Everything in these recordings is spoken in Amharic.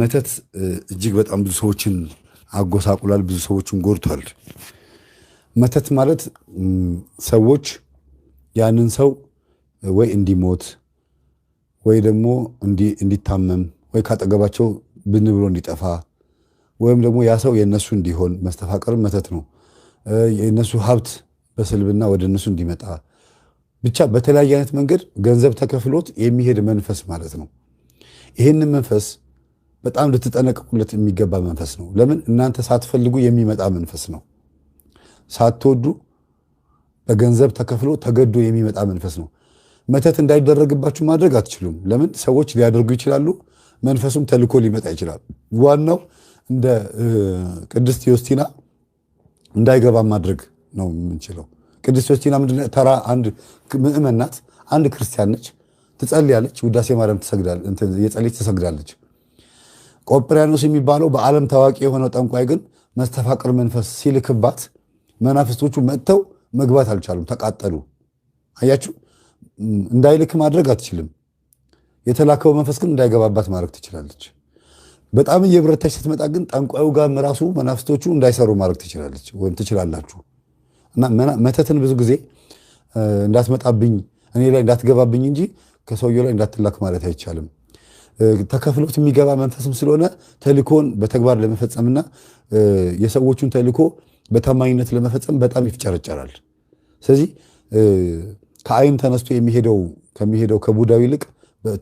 መተት እጅግ በጣም ብዙ ሰዎችን አጎሳቁላል ብዙ ሰዎችን ጎድቷል። መተት ማለት ሰዎች ያንን ሰው ወይ እንዲሞት ወይ ደግሞ እንዲታመም ወይ ካጠገባቸው ብን ብሎ እንዲጠፋ ወይም ደግሞ ያ ሰው የእነሱ እንዲሆን መስተፋቀር መተት ነው። የእነሱ ሀብት በስልብና ወደ እነሱ እንዲመጣ ብቻ በተለያየ አይነት መንገድ ገንዘብ ተከፍሎት የሚሄድ መንፈስ ማለት ነው። ይህንን መንፈስ በጣም ልትጠነቀቁለት የሚገባ መንፈስ ነው። ለምን እናንተ ሳትፈልጉ የሚመጣ መንፈስ ነው። ሳትወዱ በገንዘብ ተከፍሎ ተገዶ የሚመጣ መንፈስ ነው። መተት እንዳይደረግባችሁ ማድረግ አትችሉም። ለምን ሰዎች ሊያደርጉ ይችላሉ። መንፈሱም ተልኮ ሊመጣ ይችላል። ዋናው እንደ ቅድስት ዮስቲና እንዳይገባ ማድረግ ነው የምንችለው። ቅድስት ዮስቲና ምንድን ተራ አንድ ምዕመን ናት። አንድ ክርስቲያን ነች። ትጸልያለች። ውዳሴ ማርያም የጸለች ትሰግዳለች። ቆጵሪያኖስ የሚባለው በዓለም ታዋቂ የሆነው ጠንቋይ ግን መስተፋቅር መንፈስ ሲልክባት መናፍስቶቹ መጥተው መግባት አልቻሉም፣ ተቃጠሉ። አያችሁ፣ እንዳይልክ ማድረግ አትችልም። የተላከው መንፈስ ግን እንዳይገባባት ማድረግ ትችላለች። በጣም እየብረታች ስትመጣ ግን ጠንቋዩ ጋር ራሱ መናፍስቶቹ እንዳይሰሩ ማድረግ ትችላለች ወይም ትችላላችሁ። እና መተትን ብዙ ጊዜ እንዳትመጣብኝ፣ እኔ ላይ እንዳትገባብኝ እንጂ ከሰውየው ላይ እንዳትላክ ማለት አይቻልም። ተከፍሎት የሚገባ መንፈስም ስለሆነ ተልኮን በተግባር ለመፈጸምና የሰዎቹን ተልኮ በታማኝነት ለመፈጸም በጣም ይፍጨረጨራል። ስለዚህ ከአይን ተነስቶ የሚሄደው ከሚሄደው ከቡዳው ይልቅ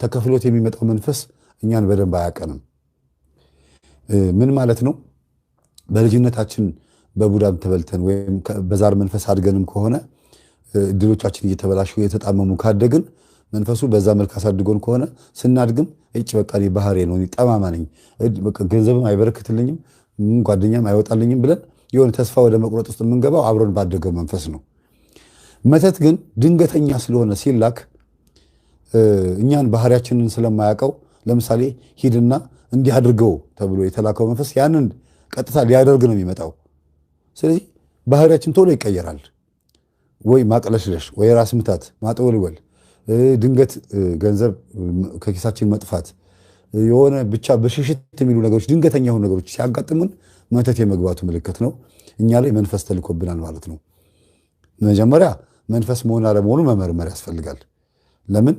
ተከፍሎት የሚመጣው መንፈስ እኛን በደንብ አያቀንም። ምን ማለት ነው? በልጅነታችን በቡዳም ተበልተን ወይም በዛር መንፈስ አድገንም ከሆነ እድሎቻችን እየተበላሹ እየተጣመሙ ካደግን መንፈሱ በዛ መልክ አሳድጎን ከሆነ ስናድግም እጭ በቃ ባህሬ ነው ጠማማ ነኝ፣ ገንዘብም አይበረክትልኝም፣ ጓደኛም አይወጣልኝም ብለን የሆነ ተስፋ ወደ መቁረጥ ውስጥ የምንገባው አብሮን ባደገው መንፈስ ነው። መተት ግን ድንገተኛ ስለሆነ ሲላክ እኛን ባህሪያችንን ስለማያውቀው ለምሳሌ ሂድና እንዲህ አድርገው ተብሎ የተላከው መንፈስ ያንን ቀጥታ ሊያደርግ ነው የሚመጣው። ስለዚህ ባህሪያችን ቶሎ ይቀየራል። ወይ ማቅለሽለሽ፣ ወይ ራስ ምታት፣ ማጥወልወል ድንገት ገንዘብ ከኪሳችን መጥፋት የሆነ ብቻ በሽሽት የሚሉ ነገሮች፣ ድንገተኛ የሆኑ ነገሮች ሲያጋጥሙን መተት የመግባቱ ምልክት ነው። እኛ ላይ መንፈስ ተልኮብናል ማለት ነው። መጀመሪያ መንፈስ መሆን አለመሆኑ መመርመር ያስፈልጋል። ለምን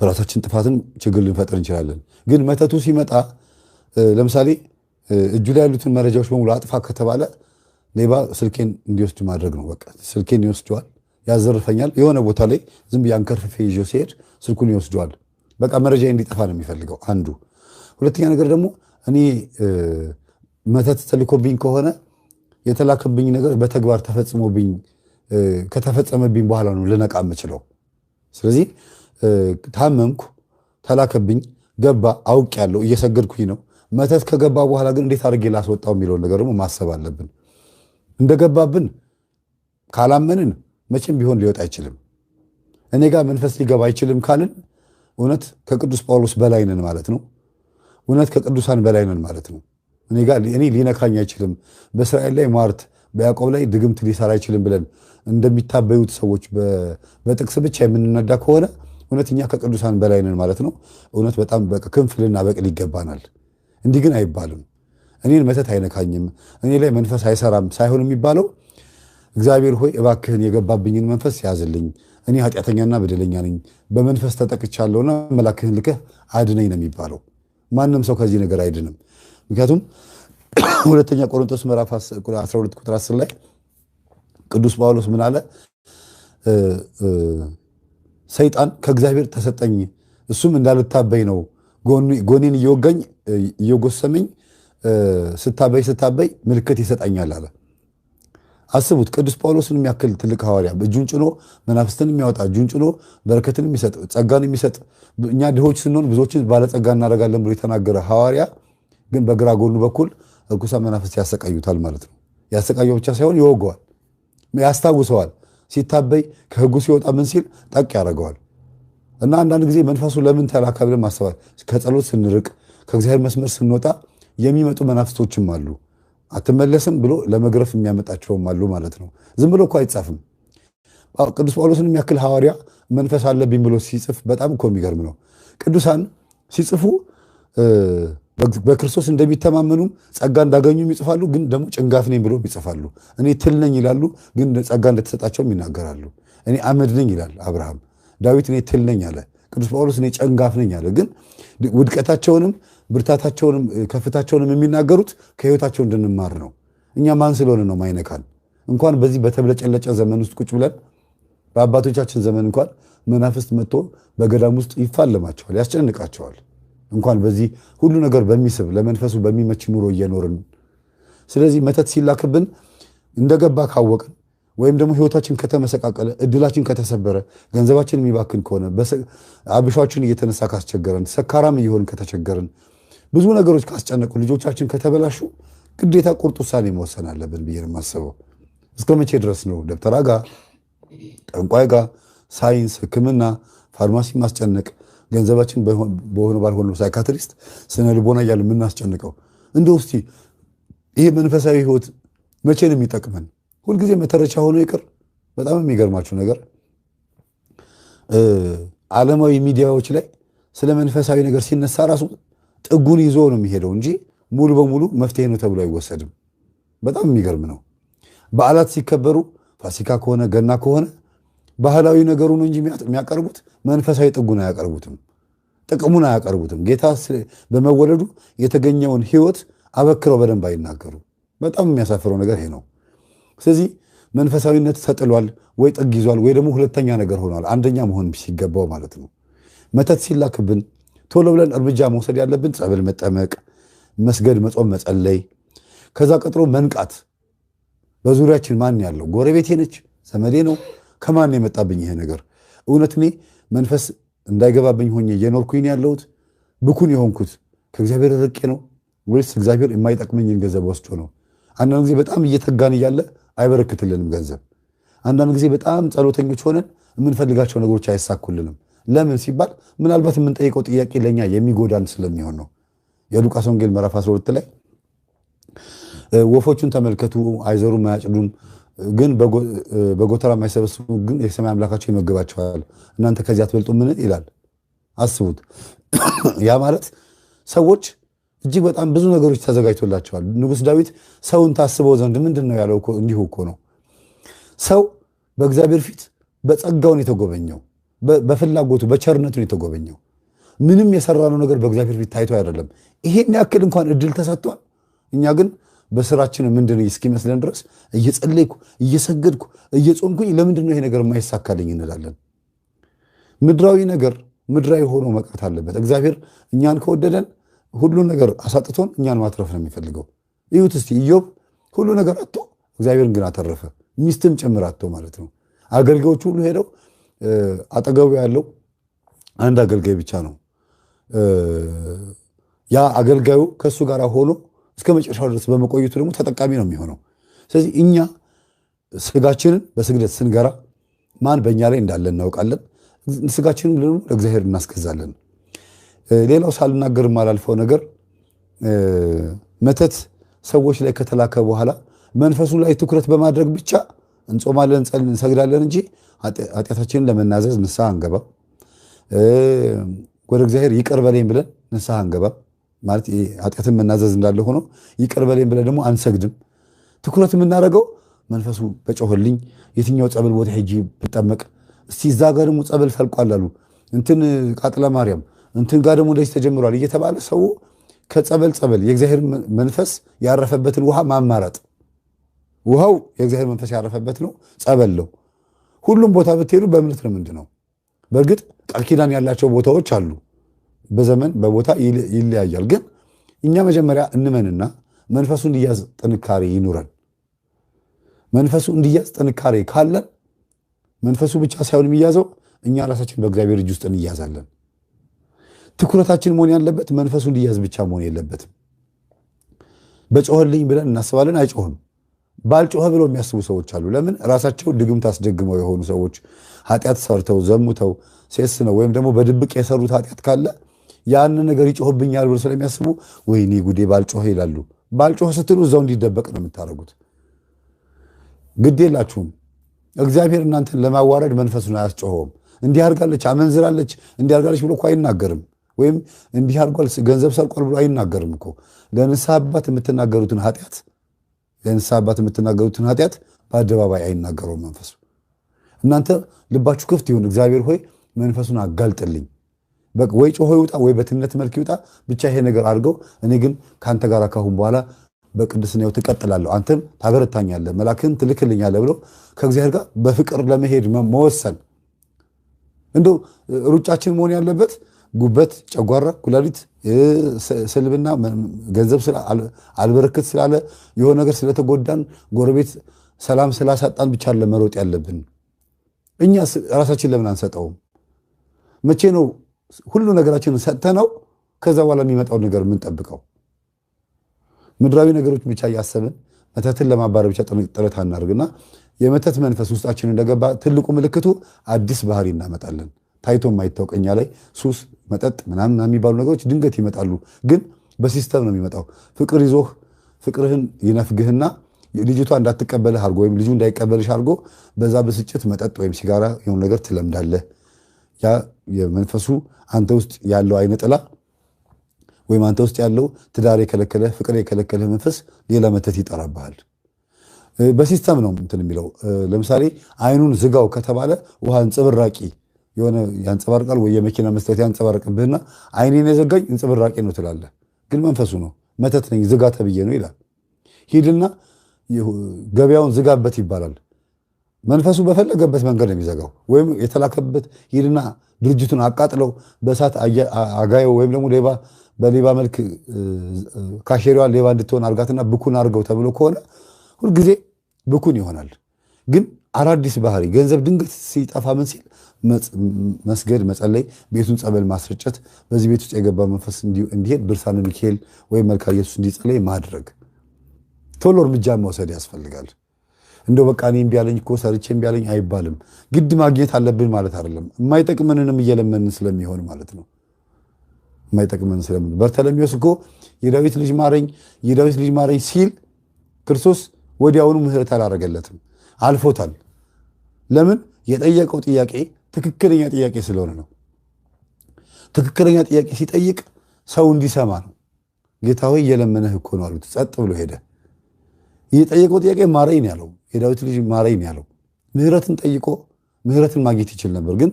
በራሳችን ጥፋትን ችግር ልንፈጥር እንችላለን። ግን መተቱ ሲመጣ ለምሳሌ እጁ ላይ ያሉትን መረጃዎች በሙሉ አጥፋ ከተባለ ሌባ ስልኬን እንዲወስድ ማድረግ ነው። በቃ ስልኬን ይወስደዋል። ያዘርፈኛል። የሆነ ቦታ ላይ ዝም ብዬ ይዤው ሲሄድ ስልኩን ይወስደዋል። በቃ መረጃ እንዲጠፋ ነው የሚፈልገው አንዱ። ሁለተኛ ነገር ደግሞ እኔ መተት ተልኮብኝ ከሆነ የተላከብኝ ነገር በተግባር ተፈጽሞብኝ ከተፈጸመብኝ በኋላ ነው ልነቃ የምችለው። ስለዚህ ታመምኩ፣ ተላከብኝ፣ ገባ፣ አውቅ ያለው እየሰገድኩኝ ነው። መተት ከገባ በኋላ ግን እንዴት አድርጌ ላስወጣው የሚለውን ነገር ደግሞ ማሰብ አለብን። እንደገባብን ካላመንን መቼም ቢሆን ሊወጣ አይችልም። እኔ ጋር መንፈስ ሊገባ አይችልም ካልን እውነት ከቅዱስ ጳውሎስ በላይ ነን ማለት ነው። እውነት ከቅዱሳን በላይ ነን ማለት ነው። እኔ ጋር እኔ ሊነካኝ አይችልም፣ በእስራኤል ላይ ሟርት፣ በያዕቆብ ላይ ድግምት ሊሰራ አይችልም ብለን እንደሚታበዩት ሰዎች በጥቅስ ብቻ የምንነዳ ከሆነ እውነት እኛ ከቅዱሳን በላይ ነን ማለት ነው። እውነት በጣም ክንፍ ልናበቅል ይገባናል። እንዲህ ግን አይባልም። እኔን መተት አይነካኝም፣ እኔ ላይ መንፈስ አይሰራም ሳይሆን የሚባለው እግዚአብሔር ሆይ እባክህን የገባብኝን መንፈስ ያዝልኝ፣ እኔ ኃጢአተኛና በደለኛ ነኝ፣ በመንፈስ ተጠቅቻለሁና መላክህን ልከህ አድነኝ ነው የሚባለው። ማንም ሰው ከዚህ ነገር አይድንም። ምክንያቱም ሁለተኛ ቆሮንቶስ ምዕራፍ 12 ቁጥር 10 ላይ ቅዱስ ጳውሎስ ምን አለ? ሰይጣን ከእግዚአብሔር ተሰጠኝ፣ እሱም እንዳልታበይ ነው። ጎኔን እየወጋኝ እየጎሰመኝ ስታበይ ስታበይ ምልክት ይሰጠኛል አለ። አስቡት ቅዱስ ጳውሎስን የሚያክል ትልቅ ሐዋርያ እጁን ጭኖ መናፍስትን የሚያወጣ እጁን ጭኖ በረከትን የሚሰጥ ጸጋን የሚሰጥ እኛ ድሆች ስንሆን ብዙዎችን ባለጸጋ እናደርጋለን ብሎ የተናገረ ሐዋርያ ግን በግራ ጎኑ በኩል እርኩሳን መናፍስት ያሰቃዩታል ማለት ነው። ያሰቃየው ብቻ ሳይሆን ይወገዋል፣ ያስታውሰዋል። ሲታበይ ከህጉ ሲወጣ ምን ሲል ጠቅ ያደርገዋል። እና አንዳንድ ጊዜ መንፈሱ ለምን ተላካ ብለን ማሰባል ከጸሎት ስንርቅ ከእግዚአብሔር መስመር ስንወጣ የሚመጡ መናፍስቶችም አሉ። አትመለስም ብሎ ለመግረፍ የሚያመጣቸውም አሉ ማለት ነው። ዝም ብሎ እኮ አይጻፍም። ቅዱስ ጳውሎስን የሚያክል ሐዋርያ መንፈስ አለብኝ ብሎ ሲጽፍ በጣም እኮ የሚገርም ነው። ቅዱሳን ሲጽፉ በክርስቶስ እንደሚተማመኑም ጸጋ እንዳገኙም ይጽፋሉ። ግን ደግሞ ጭንጋፍ ነኝ ብሎ ይጽፋሉ። እኔ ትል ነኝ ይላሉ፣ ግን ጸጋ እንደተሰጣቸውም ይናገራሉ። እኔ አመድ ነኝ ይላል አብርሃም። ዳዊት እኔ ትል ነኝ አለ። ቅዱስ ጳውሎስ እኔ ጭንጋፍ ነኝ አለ። ግን ውድቀታቸውንም ብርታታቸውንም ከፍታቸውንም የሚናገሩት ከህይወታቸው እንድንማር ነው። እኛ ማን ስለሆነ ነው ማይነካን? እንኳን በዚህ በተብለጨለጨ ዘመን ውስጥ ቁጭ ብለን በአባቶቻችን ዘመን እንኳን መናፍስት መጥቶ በገዳም ውስጥ ይፋለማቸዋል፣ ያስጨንቃቸዋል። እንኳን በዚህ ሁሉ ነገር በሚስብ ለመንፈሱ በሚመች ኑሮ እየኖርን ስለዚህ መተት ሲላክብን እንደገባ ካወቅን ወይም ደግሞ ህይወታችን ከተመሰቃቀለ፣ እድላችን ከተሰበረ፣ ገንዘባችን የሚባክን ከሆነ አብሻችን እየተነሳ ካስቸገረን፣ ሰካራም እየሆን ከተቸገረን ብዙ ነገሮች ካስጨነቁ ልጆቻችን ከተበላሹ ግዴታ ቁርጥ ውሳኔ መወሰን አለብን ብዬ የማስበው። እስከ መቼ ድረስ ነው ደብተራ ጋ ጠንቋይ ጋር፣ ሳይንስ፣ ህክምና ፋርማሲ ማስጨነቅ ገንዘባችን በሆነ ባልሆነ ሳይካትሪስት ስነ ልቦና እያለ የምናስጨንቀው? እንደ ውስ ይሄ መንፈሳዊ ህይወት መቼ ነው የሚጠቅመን? ሁልጊዜ መተረቻ ሆኖ ይቅር። በጣም የሚገርማችሁ ነገር ዓለማዊ ሚዲያዎች ላይ ስለ መንፈሳዊ ነገር ሲነሳ ራሱ ጥጉን ይዞ ነው የሚሄደው እንጂ ሙሉ በሙሉ መፍትሄ ነው ተብሎ አይወሰድም። በጣም የሚገርም ነው። በዓላት ሲከበሩ ፋሲካ ከሆነ ገና ከሆነ ባህላዊ ነገሩ ነው እንጂ የሚያቀርቡት መንፈሳዊ ጥጉን አያቀርቡትም፣ ጥቅሙን አያቀርቡትም። ጌታ በመወለዱ የተገኘውን ህይወት አበክረው በደንብ አይናገሩ። በጣም የሚያሳፍረው ነገር ይሄ ነው። ስለዚህ መንፈሳዊነት ተጥሏል ወይ ጥግ ይዟል ወይ ደግሞ ሁለተኛ ነገር ሆኗል፣ አንደኛ መሆን ሲገባው ማለት ነው። መተት ሲላክብን ቶሎ ብለን እርምጃ መውሰድ ያለብን ጸበል መጠመቅ፣ መስገድ፣ መጾም፣ መጸለይ፣ ከዛ ቀጥሮ መንቃት። በዙሪያችን ማን ያለው? ጎረቤቴ ነች? ዘመዴ ነው? ከማን የመጣብኝ ይሄ ነገር? እውነት እኔ መንፈስ እንዳይገባብኝ ሆኜ እየኖርኩኝ ያለሁት ብኩን የሆንኩት ከእግዚአብሔር ርቄ ነው ወይስ እግዚአብሔር የማይጠቅመኝን ገንዘብ ወስዶ ነው? አንዳንድ ጊዜ በጣም እየተጋን እያለ አይበረክትልንም ገንዘብ። አንዳንድ ጊዜ በጣም ጸሎተኞች ሆነን የምንፈልጋቸው ነገሮች አይሳኩልንም። ለምን ሲባል ምናልባት የምንጠይቀው ጥያቄ ለእኛ የሚጎዳን ስለሚሆን ነው። የሉቃስ ወንጌል ምዕራፍ 12 ላይ ወፎቹን ተመልከቱ፣ አይዘሩም፣ አያጭዱም፣ ግን በጎተራ የማይሰበስቡ ግን የሰማይ አምላካቸው ይመግባቸዋል፣ እናንተ ከዚህ አትበልጡ ምን ይላል? አስቡት። ያ ማለት ሰዎች እጅግ በጣም ብዙ ነገሮች ተዘጋጅቶላቸዋል። ንጉሥ ዳዊት ሰውን ታስበው ዘንድ ምንድን ነው ያለው? እንዲሁ እኮ ነው ሰው በእግዚአብሔር ፊት በጸጋውን የተጎበኘው በፍላጎቱ በቸርነቱ ነው የተጎበኘው። ምንም የሰራነው ነገር በእግዚአብሔር ፊት ታይቶ አይደለም። ይሄን ያክል እንኳን እድል ተሰጥቷል። እኛ ግን በስራችን ምንድን እስኪመስለን ድረስ እየጸለይኩ እየሰገድኩ እየጾምኩኝ ለምንድን ነው ይሄ ነገር የማይሳካልኝ እንላለን። ምድራዊ ነገር ምድራዊ ሆኖ መቅረት አለበት። እግዚአብሔር እኛን ከወደደን ሁሉን ነገር አሳጥቶን እኛን ማትረፍ ነው የሚፈልገው። እዩት እስቲ ኢዮብ ሁሉ ነገር አጥቶ እግዚአብሔርን ግን አተረፈ። ሚስትም ጭምር አጥቶ ማለት ነው። አገልጋዮቹ ሁሉ ሄደው አጠገቡ ያለው አንድ አገልጋይ ብቻ ነው። ያ አገልጋዩ ከእሱ ጋር ሆኖ እስከ መጨረሻው ድረስ በመቆየቱ ደግሞ ተጠቃሚ ነው የሚሆነው። ስለዚህ እኛ ስጋችንን በስግደት ስንገራ ማን በእኛ ላይ እንዳለ እናውቃለን። ስጋችንን ደግሞ ለእግዚአብሔር እናስገዛለን። ሌላው ሳልናገር ማላልፈው ነገር መተት ሰዎች ላይ ከተላከ በኋላ መንፈሱ ላይ ትኩረት በማድረግ ብቻ እንጾማለን፣ እንሰግዳለን እንጂ ኃጢአታችንን ለመናዘዝ ንስሐ አንገባም። ወደ እግዚአብሔር ይቅር በለኝ ብለን ንስሐ አንገባም። ማለት ኃጢአትን መናዘዝ እንዳለ ሆኖ ይቅር በለኝ ብለን ደግሞ አንሰግድም። ትኩረት የምናደርገው መንፈሱ በጮህልኝ የትኛው ጸበል ቦታ ሄጂ ብጠመቅ እስቲ እዛ ጋር ደግሞ ጸበል ፈልቋል አሉ እንትን ቃጥለ ማርያም እንትን ጋር ደግሞ እንደዚህ ተጀምሯል እየተባለ ሰው ከጸበል ጸበል የእግዚአብሔር መንፈስ ያረፈበትን ውሃ ማማረጥ ውሃው የእግዚአብሔር መንፈስ ያረፈበት ነው፣ ጸበለው ሁሉም ቦታ ብትሄዱ በእምነት ነው። ምንድን ነው በእርግጥ ቃል ኪዳን ያላቸው ቦታዎች አሉ። በዘመን በቦታ ይለያያል። ግን እኛ መጀመሪያ እንመንና መንፈሱ እንዲያዝ ጥንካሬ ይኑረን። መንፈሱ እንዲያዝ ጥንካሬ ካለን መንፈሱ ብቻ ሳይሆን የሚያዘው እኛ ራሳችን በእግዚአብሔር እጅ ውስጥ እንያዛለን። ትኩረታችን መሆን ያለበት መንፈሱ እንዲያዝ ብቻ መሆን የለበትም። በጮኸልኝ ብለን እናስባለን፣ አይጮህም። ባልጮኸ ብለው የሚያስቡ ሰዎች አሉ። ለምን ራሳቸው ድግምት አስደግመው የሆኑ ሰዎች ኃጢአት ሰርተው ዘሙተው ሴስ ነው ወይም ደግሞ በድብቅ የሰሩት ኃጢአት ካለ ያንን ነገር ይጮህብኛል ብሎ ስለሚያስቡ ወይኔ ጉዴ ባልጮኸ ይላሉ። ባልጮኸ ስትሉ እዛው እንዲደበቅ ነው የምታደርጉት። ግድ የላችሁም። እግዚአብሔር እናንተን ለማዋረድ መንፈሱን አያስጮኸውም። እንዲህ አድርጋለች፣ አመንዝራለች፣ እንዲህ አርጋለች ብሎ እኮ አይናገርም። ወይም እንዲህ አርጓል፣ ገንዘብ ሰርቋል ብሎ አይናገርም እኮ ለንስሐ አባት የምትናገሩትን ኃጢአት የንስሐ አባት የምትናገሩትን ኃጢአት በአደባባይ አይናገረውም መንፈሱ። እናንተ ልባችሁ ክፍት ይሁን። እግዚአብሔር ሆይ መንፈሱን አጋልጥልኝ። ወይ ጮሆ ይውጣ፣ ወይ በትነት መልክ ይውጣ፣ ብቻ ይሄ ነገር አድርገው። እኔ ግን ከአንተ ጋር ካሁን በኋላ በቅድስናው ትቀጥላለሁ፣ አንተም ታበረታኛለህ፣ መላክህን ትልክልኛለህ ብሎ ከእግዚአብሔር ጋር በፍቅር ለመሄድ መወሰን እንዶ ሩጫችን መሆን ያለበት ጉበት፣ ጨጓራ፣ ኩላሊት፣ ስልብና ገንዘብ አልበረክት ስላለ የሆነ ነገር ስለተጎዳን ጎረቤት ሰላም ስላሳጣን ብቻ ለመሮጥ ያለብን እኛ ራሳችን ለምን አንሰጠውም? መቼ ነው ሁሉ ነገራችንን ሰጥተነው ከዛ በኋላ የሚመጣው ነገር የምንጠብቀው? ምድራዊ ነገሮች ብቻ እያሰብን መተትን ለማባረር ብቻ ጥረት አናርግና የመተት መንፈስ ውስጣችን እንደገባ ትልቁ ምልክቱ አዲስ ባህሪ እናመጣለን። ታይቶ የማይታወቀኛ ላይ ሱስ፣ መጠጥ ምናምን የሚባሉ ነገሮች ድንገት ይመጣሉ። ግን በሲስተም ነው የሚመጣው። ፍቅር ይዞህ ፍቅርህን ይነፍግህና ልጅቷ እንዳትቀበልህ አድርጎ ወይም ልጁ እንዳይቀበልሽ አድርጎ በዛ ብስጭት መጠጥ ወይም ሲጋራ የሆኑ ነገር ትለምዳለህ። ያ የመንፈሱ አንተ ውስጥ ያለው አይነ ጥላ ወይም አንተ ውስጥ ያለው ትዳር የከለከለ ፍቅር የከለከለ መንፈስ ሌላ መተት ይጠራብሃል። በሲስተም ነው እንትን የሚለው። ለምሳሌ አይኑን ዝጋው ከተባለ ውሃን ጽብራቂ የሆነ ያንጸባርቃል ወይ የመኪና መስታወት ያንጸባርቅብህና ዓይኔን የዘጋኝ እንጽብራቄ ነው ትላለህ። ግን መንፈሱ ነው መተት ነኝ ዝጋ ተብዬ ነው ይላል። ሂድና ገበያውን ዝጋበት ይባላል። መንፈሱ በፈለገበት መንገድ ነው የሚዘጋው። ወይም የተላከበት ሂድና ድርጅቱን አቃጥለው በእሳት አጋየው ወይም ደግሞ ሌባ በሌባ መልክ ካሼሪዋን ሌባ እንድትሆን አርጋትና ብኩን አርገው ተብሎ ከሆነ ሁልጊዜ ብኩን ይሆናል ግን አዳዲስ ባህሪ ገንዘብ ድንገት ሲጠፋ ምን ሲል መስገድ፣ መጸለይ፣ ቤቱን ጸበል ማስረጨት፣ በዚህ ቤት ውስጥ የገባ መንፈስ እንዲሄድ ብርሳነ ሚካኤል ወይም መልካ ኢየሱስ እንዲጸለይ ማድረግ፣ ቶሎ እርምጃ መውሰድ ያስፈልጋል። እንደው በቃ እኔ እምቢ አለኝ እኮ ሰርቼ እምቢ አለኝ አይባልም። ግድ ማግኘት አለብን ማለት አይደለም። የማይጠቅመንንም እየለመንን ስለሚሆን ማለት ነው። የማይጠቅመን ስለሚሆን በርተለሚዎስ እኮ የዳዊት ልጅ ማረኝ፣ የዳዊት ልጅ ማረኝ ሲል ክርስቶስ ወዲያውኑ ምሕረት አላረገለትም። አልፎታል። ለምን? የጠየቀው ጥያቄ ትክክለኛ ጥያቄ ስለሆነ ነው። ትክክለኛ ጥያቄ ሲጠይቅ ሰው እንዲሰማ ነው። ጌታ ሆይ እየለመነህ እኮ ነው አሉት። ጸጥ ብሎ ሄደ። የጠየቀው ጥያቄ ማረኝ ያለው የዳዊት ልጅ ማረኝ ያለው ምህረትን ጠይቆ ምህረትን ማግኘት ይችል ነበር። ግን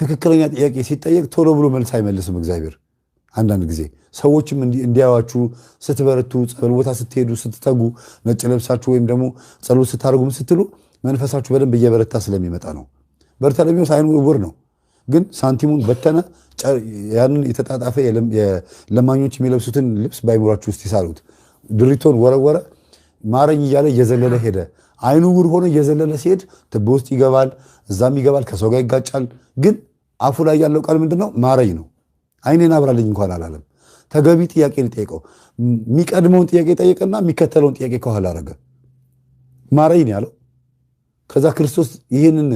ትክክለኛ ጥያቄ ሲጠየቅ ቶሎ ብሎ መልስ አይመልስም እግዚአብሔር። አንዳንድ ጊዜ ሰዎችም እንዲያዩችሁ ስትበረቱ፣ ጸበል ቦታ ስትሄዱ፣ ስትተጉ፣ ነጭ ለብሳችሁ ወይም ደግሞ ጸሎት ስታደርጉም ስትሉ መንፈሳችሁ በደንብ እየበረታ ስለሚመጣ ነው። በርታ ለሚወስ ሳይኑ እውር ነው፣ ግን ሳንቲሙን በተነ። ያንን የተጣጣፈ ለማኞች የሚለብሱትን ልብስ በአይምሯችሁ ውስጥ ይሳሉት። ድሪቶን ወረወረ፣ ማረኝ እያለ እየዘለለ ሄደ። አይኑ እውር ሆነ እየዘለለ ሲሄድ ትቦ ውስጥ ይገባል፣ እዛም ይገባል፣ ከሰው ጋር ይጋጫል። ግን አፉ ላይ ያለው ቃል ምንድን ነው? ማረኝ ነው። አይኔን አብራልኝ እንኳን አላለም። ተገቢ ጥያቄ ጠየቀው። የሚቀድመውን ጥያቄ ጠየቀና የሚከተለውን ጥያቄ ከኋላ አረገ። ማረኝ ያለው ከዛ ክርስቶስ ይህንን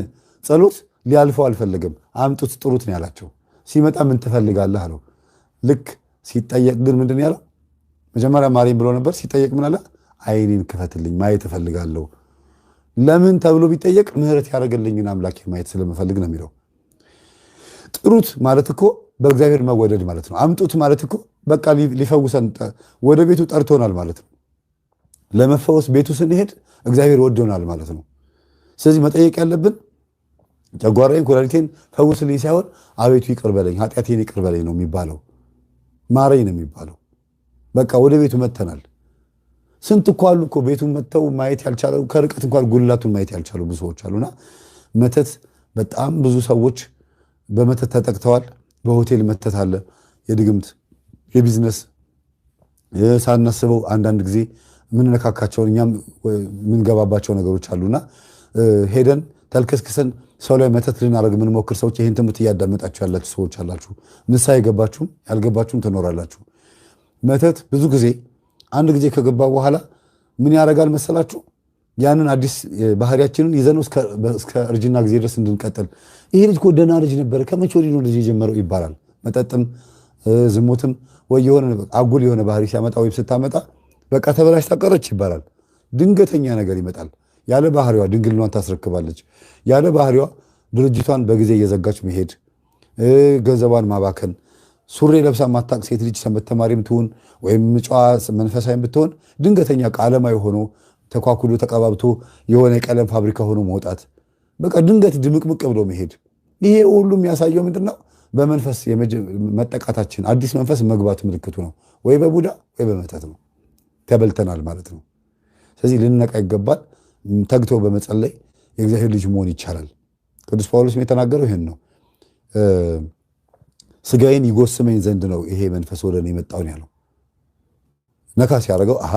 ጸሎት ሊያልፈው አልፈለገም። አምጡት ጥሩት ነው ያላቸው። ሲመጣ ምን ትፈልጋለህ አለው። ልክ ሲጠየቅ ግን ምንድን ያለው? መጀመሪያ ማረኝ ብሎ ነበር። ሲጠየቅ ምን አለ? አይኔን ክፈትልኝ ማየት እፈልጋለሁ። ለምን ተብሎ ቢጠየቅ ምሕረት ያደረገልኝን አምላኬ ማየት ስለምፈልግ ነው የሚለው። ጥሩት ማለት እኮ በእግዚአብሔር መወደድ ማለት ነው። አምጡት ማለት እኮ በቃ ሊፈውሰን ወደ ቤቱ ጠርቶናል ማለት ነው። ለመፈወስ ቤቱ ስንሄድ እግዚአብሔር ወዶናል ማለት ነው። ስለዚህ መጠየቅ ያለብን ጨጓራዬን፣ ኩላሊቴን ፈውስልኝ ሳይሆን አቤቱ ይቅርበለኝ፣ ኃጢአቴን ይቅርበለኝ ነው የሚባለው። ማረኝ ነው የሚባለው። በቃ ወደ ቤቱ መጥተናል። ስንት እኮ አሉ እኮ ቤቱን መጥተው ማየት ያልቻለው ከርቀት እንኳን ጉልላቱን ማየት ያልቻሉ ብዙ ሰዎች አሉና መተት በጣም ብዙ ሰዎች በመተት ተጠቅተዋል። በሆቴል መተት አለ፣ የድግምት የቢዝነስ ሳናስበው አንዳንድ ጊዜ የምንነካካቸውን እኛም የምንገባባቸው ነገሮች አሉና ሄደን ተልከስክሰን ሰው ላይ መተት ልናደርግ የምንሞክር ሰዎች ይህን ትምህርት እያዳመጣችሁ ያላችሁ ሰዎች አላችሁ። ንሳ የገባችሁም ያልገባችሁም ትኖራላችሁ። መተት ብዙ ጊዜ አንድ ጊዜ ከገባ በኋላ ምን ያደርጋል መሰላችሁ? ያንን አዲስ ባህሪያችንን ይዘነው እስከ እርጅና ጊዜ ድረስ እንድንቀጥል ይህ ልጅ እኮ ደህና ልጅ ነበረ፣ ከመቼ ወዲህ ነው ልጅ የጀመረው ይባላል። መጠጥም ዝሙትም ወይ የሆነ አጉል የሆነ ባህሪ ሲያመጣ ወይም ስታመጣ በቃ ተበላሽ ታቀረች ይባላል። ድንገተኛ ነገር ይመጣል። ያለ ባህሪዋ ድንግልኗን ታስረክባለች። ያለ ባህሪዋ ድርጅቷን በጊዜ እየዘጋች መሄድ፣ ገንዘቧን ማባከን፣ ሱሪ ለብሳ ማታቅ ሴት ልጅ ተማሪም ትሆን ወይም ጨዋ መንፈሳዊ ብትሆን ድንገተኛ ቃለማ የሆኖ ተኳኩሎ ተቀባብቶ የሆነ የቀለም ፋብሪካ ሆኖ መውጣት በቃ ድንገት ድምቅምቅ ብሎ መሄድ። ይሄ ሁሉ የሚያሳየው ምንድን ነው? በመንፈስ መጠቃታችን አዲስ መንፈስ መግባት ምልክቱ ነው። ወይ በቡዳ ወይ በመተት ነው። ተበልተናል ማለት ነው። ስለዚህ ልንነቃ ይገባል። ተግቶ በመጸለይ የእግዚአብሔር ልጅ መሆን ይቻላል። ቅዱስ ጳውሎስ የተናገረው ይህን ነው። ስጋዬን ይጎስመኝ ዘንድ ነው ይሄ መንፈስ ወደ እኔ የመጣውን ያለው። ነካ ሲያደርገው አሃ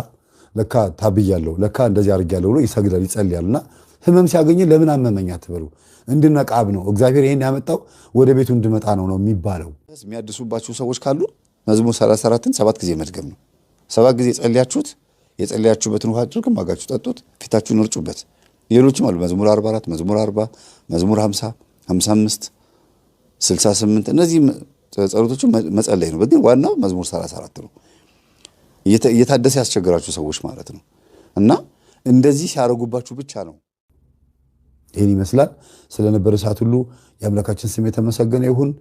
ለካ ታብያለሁ፣ ለካ እንደዚህ አድርጌያለሁ ብሎ ይሰግዳል፣ ይጸልያልና ህመም ሲያገኝ ለምን አመመኝ አትበሉ። እንድነቃብ ነው እግዚአብሔር ይሄን ያመጣው ወደ ቤቱ እንድመጣ ነው ነው የሚባለው። የሚያድሱባቸው ሰዎች ካሉ መዝሙር 34ን ሰባት ጊዜ መድገም ነው። ሰባት ጊዜ ጸልያችሁት የጸልያችሁበትን ውሃ ጭርቅም ማጋችሁ ጠጡት፣ ፊታችሁን እርጩበት። ሌሎችም አሉ መዝሙር 44፣ መዝሙር 40፣ መዝሙር 50፣ 55፣ 68 እነዚህ ጸሎቶቹ መጸለይ ነው። በግን ዋናው መዝሙር 34 ነው። እየታደሰ ያስቸግራችሁ ሰዎች ማለት ነው እና እንደዚህ ሲያደርጉባችሁ ብቻ ነው ይህን ይመስላል። ስለነበረ ሰዓት ሁሉ የአምላካችን ስም የተመሰገነ ይሁን።